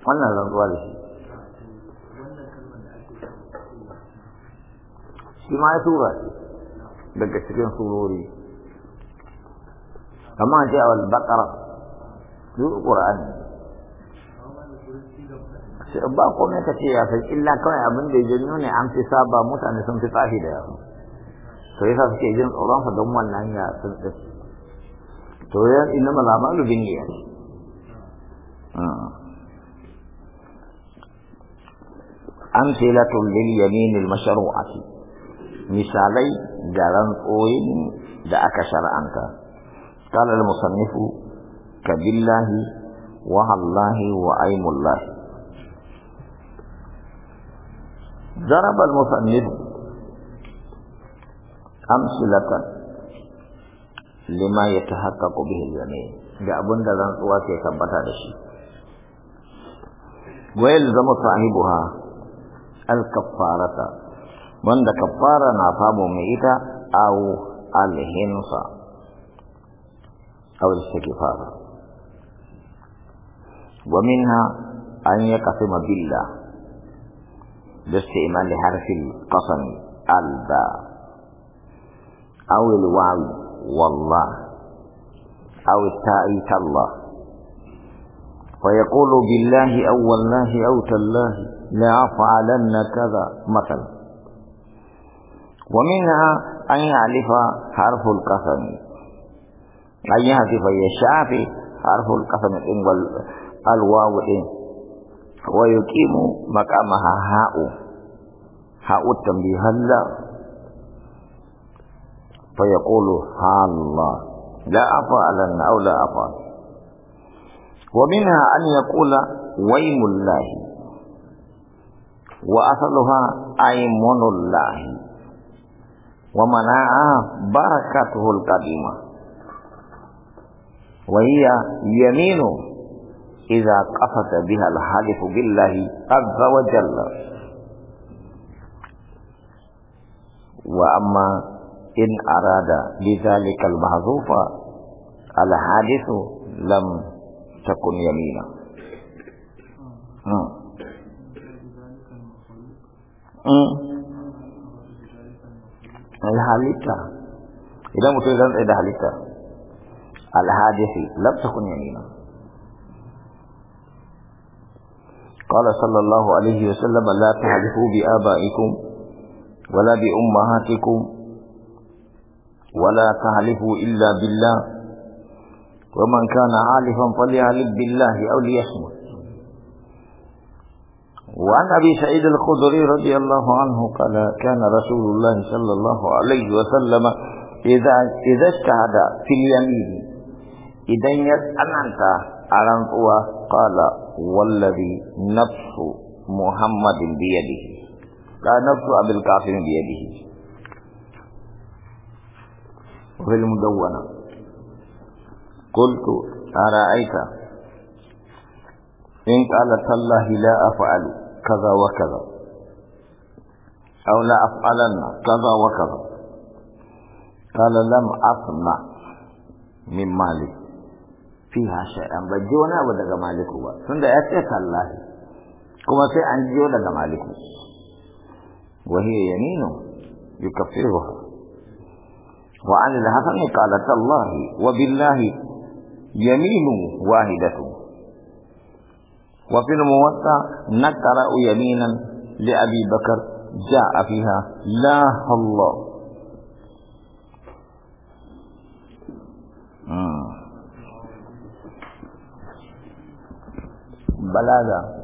wannan rantsuwa da shi shi ma ya tura daga cikin surori kama ce a wani bakara su ƙura'ani ba kome ka ce ya san illa kawai abin da ya ne an fi saba mutane sun fi tsafi da yawa to yasa suke jin tsoron sa don wannan ya sun ɗin to ya lubin malamalu ya ce hmm. amsilatul lil yaminil mashru'ati misalai da rantsoyin da aka shar'anta qala al musannifu kabillahi wa allahi wa ضرب المصنف أمثلة لما يتحقق به اليمين ga abin da rantsuwa ke tabbata da shi zama buha. الكفارة wanda kafara na famu mai ita au alhinsa au istighfar wa minha an yaqsima billah باستعمال حرف القسم البا او الواو والله او التاء كالله فيقول بالله أو والله أو تالله أفعلن كذا مثلا ومنها أن يعرف حرف القسم أن يعرف يشافي حرف القسم إن والواو إن ويقيم مقامها هاء هاء التنبيه هلا فيقول ها الله لا أفعلن أو لا أفعل ومنها أن يقول ويم الله وأصلها أيمن الله ومناع بركته القديمة وهي يمين إذا قصد بها الحالف بالله عز وجل وأما إن أراد بذلك المحذوف الحادث لم تكن يمينا آه. آه. الهالكة إذا متوزن إذا هالكة الحادث لم تكن يمينا قال صلى الله عليه وسلم لا تحلفوا بآبائكم ولا بأمهاتكم ولا تحلفوا إلا بالله ومن كان عالفا فليعلم بالله أو ليصمت وعن أبي سعيد الخدري رضي الله عنه قال كان رسول الله صلى الله عليه وسلم إذا, إذا اجتهد في اليمين إذا انت على القوى قال والذي نفس محمد بيده لا نفس أبي الكافر بيده وفي المدونة قلت أرأيت إن قال تالله لا أفعل كذا وكذا أو لا أفعلن كذا وكذا قال لم أصنع من مالك فيها شيئا بجونا ودق مالك هو سند أتيت الله كما في أن جونا مالك وهي يمين يكفرها وعن الحسن قال تالله وبالله يمين واحدة وفي الموسع نقرأ يمينا لأبي بكر جاء فيها لا الله بلاغة